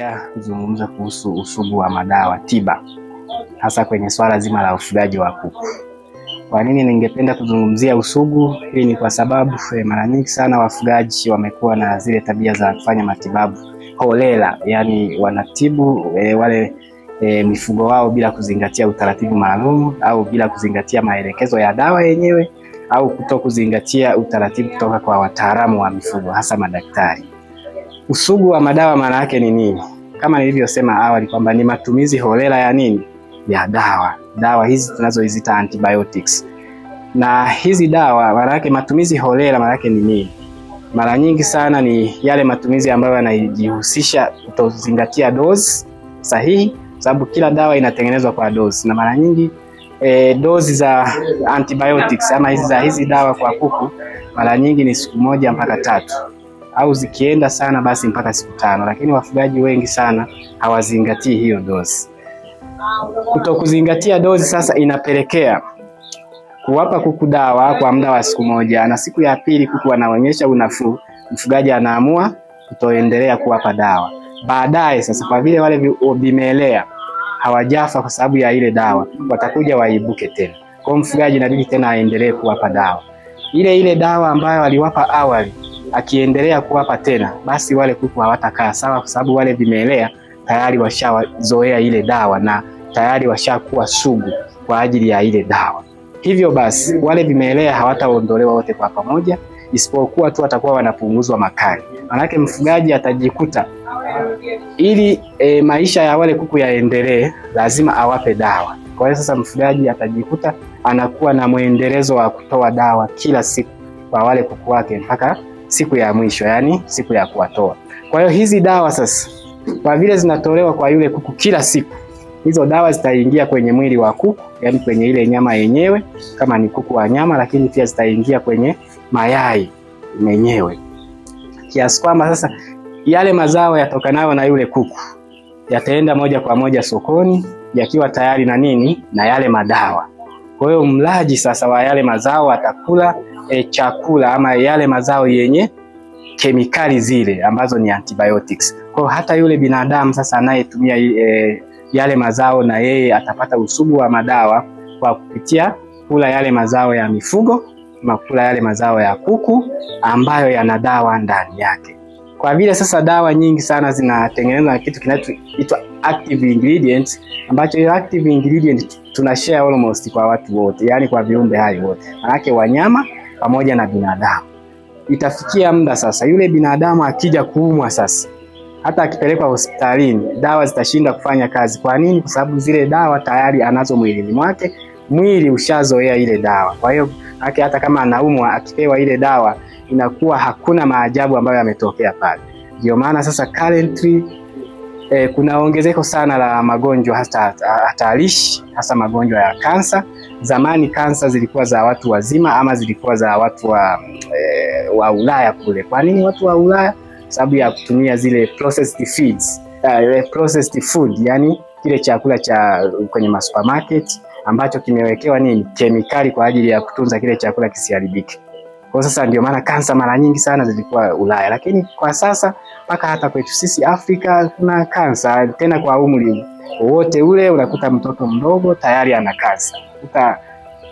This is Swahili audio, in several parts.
tunaendelea kuzungumza kuhusu usugu wa madawa tiba, hasa kwenye swala zima la ufugaji wa kuku. Kwa nini ningependa kuzungumzia usugu? Hii ni kwa sababu eh, mara nyingi sana wafugaji wamekuwa na zile tabia za kufanya matibabu holela, yani wanatibu e, wale e, mifugo wao bila kuzingatia utaratibu maalum au bila kuzingatia maelekezo ya dawa yenyewe au kuto kuzingatia utaratibu kutoka kwa wataalamu wa mifugo hasa madaktari. Usugu wa madawa maana yake ni nini? Kama nilivyosema awali kwamba ni matumizi holela ya nini, ya dawa, dawa hizi tunazoziita antibiotics. Na hizi dawa maana yake, matumizi holela maana yake ni nini? Mara nyingi sana ni yale matumizi ambayo yanajihusisha kutozingatia dozi sahihi, sababu kila dawa inatengenezwa kwa dozi, na mara nyingi e, dozi za antibiotics ama hizi za hizi dawa kwa kuku mara nyingi ni siku moja mpaka tatu au zikienda sana basi mpaka siku tano, lakini wafugaji wengi sana hawazingatii hiyo dozi. Kutokuzingatia dozi sasa inapelekea kuwapa kuku dawa kwa muda wa siku moja, na siku ya pili kuku anaonyesha unafuu, mfugaji anaamua kutoendelea kuwapa dawa. Baadaye sasa, kwa vile wale vimelea hawajafa kwa sababu ya ile dawa, watakuja waibuke tena. Kwa mfugaji inabidi tena aendelee kuwapa dawa ile ile dawa ambayo aliwapa awali akiendelea kuwapa tena, basi wale kuku hawatakaa sawa, kwa sababu wale vimelea tayari washazoea ile dawa na tayari washakuwa sugu kwa ajili ya ile dawa. Hivyo basi wale vimelea hawataondolewa wote kwa pamoja, isipokuwa tu watakuwa wanapunguzwa makali. Manake mfugaji atajikuta ili e, maisha ya wale kuku yaendelee, lazima awape dawa. Kwa hiyo sasa mfugaji atajikuta anakuwa na mwendelezo wa kutoa dawa kila siku kwa wale kuku wake mpaka siku ya mwisho, yani siku ya kuwatoa. Kwa hiyo hizi dawa sasa, kwa vile zinatolewa kwa yule kuku kila siku, hizo dawa zitaingia kwenye mwili wa kuku, yani kwenye ile nyama yenyewe, kama ni kuku wa nyama, lakini pia zitaingia kwenye mayai menyewe, kiasi kwamba sasa yale mazao yatokanayo na yule kuku yataenda moja kwa moja sokoni yakiwa tayari na nini na yale madawa. Kwa hiyo mlaji sasa wa yale mazao atakula e, chakula ama yale mazao yenye kemikali zile ambazo ni antibiotics. Kwa hata yule binadamu sasa anayetumia e, yale mazao na yeye atapata usugu wa madawa kwa kupitia kula yale mazao ya mifugo kula yale mazao ya kuku ambayo yana dawa ndani yake. Kwa vile sasa dawa nyingi sana zinatengenezwa na kitu kinachoitwa active ingredient, ambacho hiyo active ingredient tunashare almost kwa watu wote, yani kwa viumbe hai wote, manake wanyama pamoja na binadamu. Itafikia muda sasa, yule binadamu akija kuumwa sasa, hata akipelekwa hospitalini, dawa zitashindwa kufanya kazi. Kwa nini? Kwa sababu zile dawa tayari anazo mwilini mwake, mwili ushazoea ile dawa. Kwa hiyo hata kama anaumwa, akipewa ile dawa inakuwa hakuna maajabu ambayo yametokea pale. Ndio maana sasa currently eh, kuna ongezeko sana la magonjwa hasa hatarishi, hasa magonjwa ya kansa. Zamani kansa zilikuwa za watu wazima ama zilikuwa za watu wa, eh, wa Ulaya kule. Kwa nini watu wa Ulaya? Sababu ya kutumia zile processed feeds, uh, processed food, yani kile chakula cha kwenye masupermarket ambacho kimewekewa nini, kemikali kwa ajili ya kutunza kile chakula kisiharibike. Kwa sasa ndio maana kansa mara nyingi sana zilikuwa Ulaya, lakini kwa sasa mpaka hata kwetu sisi Afrika kuna kansa tena kwa umri wowote ule. Unakuta mtoto mdogo tayari ana kansa, unakuta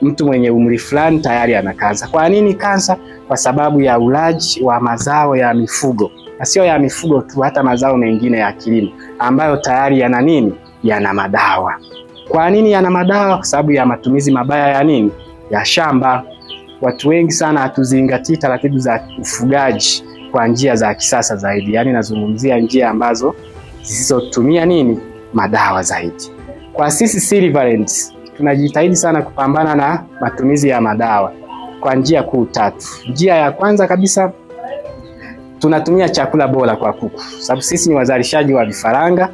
mtu mwenye umri fulani tayari ana kansa. Kwa nini kansa? Kwa sababu ya ulaji wa mazao ya mifugo, na sio ya mifugo tu, hata mazao mengine ya kilimo ambayo tayari yana nini, yana madawa. Kwa nini yana madawa? Kwa sababu ya matumizi mabaya ya nini, ya shamba watu wengi sana hatuzingatii taratibu za ufugaji kwa njia za kisasa zaidi, yaani nazungumzia njia ambazo zisizotumia nini madawa zaidi. Kwa sisi Silverlands tunajitahidi sana kupambana na matumizi ya madawa kwa njia kuu tatu. Njia ya kwanza kabisa tunatumia chakula bora kwa kuku, sababu sisi ni wazalishaji wa vifaranga,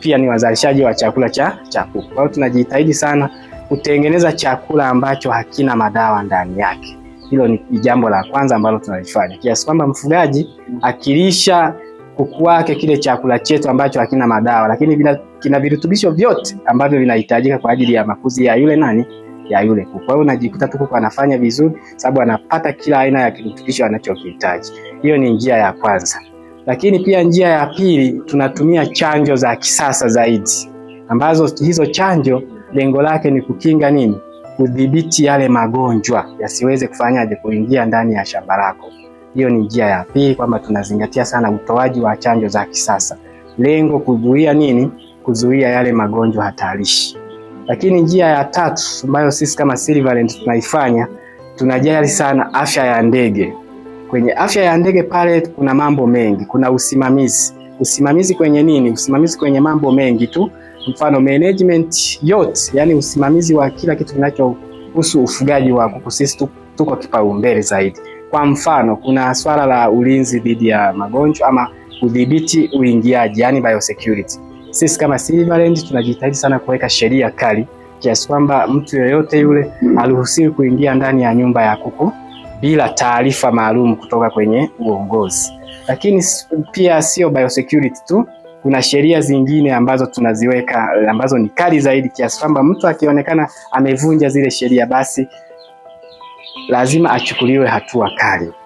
pia ni wazalishaji wa chakula cha cha kuku. Kwa hiyo tunajitahidi sana kutengeneza chakula ambacho hakina madawa ndani yake. Hilo ni jambo la kwanza ambalo tunalifanya, kiasi kwamba mfugaji akilisha kuku wake kile chakula chetu ambacho hakina madawa, lakini kina virutubisho vyote ambavyo vinahitajika kwa ajili ya makuzi ya yule nani ya yule kuku. Kwa hiyo unajikuta tu kuku anafanya vizuri, sababu anapata kila aina ya kirutubisho anachokihitaji. Hiyo ni njia ya kwanza, lakini pia njia ya pili tunatumia chanjo za kisasa zaidi, ambazo hizo chanjo lengo lake ni kukinga nini? Kudhibiti yale magonjwa yasiweze kufanyaje, kuingia ndani ya shamba lako. Hiyo ni njia ya pili, kwamba tunazingatia sana utoaji wa chanjo za kisasa, lengo kuzuia nini? Kuzuia yale magonjwa hatarishi. Lakini njia ya tatu ambayo sisi kama Silverland tunaifanya, tunajali sana afya ya ndege. Kwenye afya ya ndege pale kuna mambo mengi, kuna usimamizi, usimamizi kwenye nini? Usimamizi kwenye mambo mengi tu mfano management yote, yani usimamizi wa kila kitu kinachohusu ufugaji wa kuku, sisi tuko kipaumbele zaidi. Kwa mfano, kuna swala la ulinzi dhidi ya magonjwa ama kudhibiti uingiaji, yani biosecurity. Sisi kama Silverland tunajitahidi sana kuweka sheria kali kiasi kwamba mtu yoyote yule aruhusiwi kuingia ndani ya nyumba ya kuku bila taarifa maalum kutoka kwenye uongozi. Lakini pia sio biosecurity tu, kuna sheria zingine ambazo tunaziweka ambazo ni kali zaidi, kiasi kwamba mtu akionekana amevunja zile sheria, basi lazima achukuliwe hatua kali.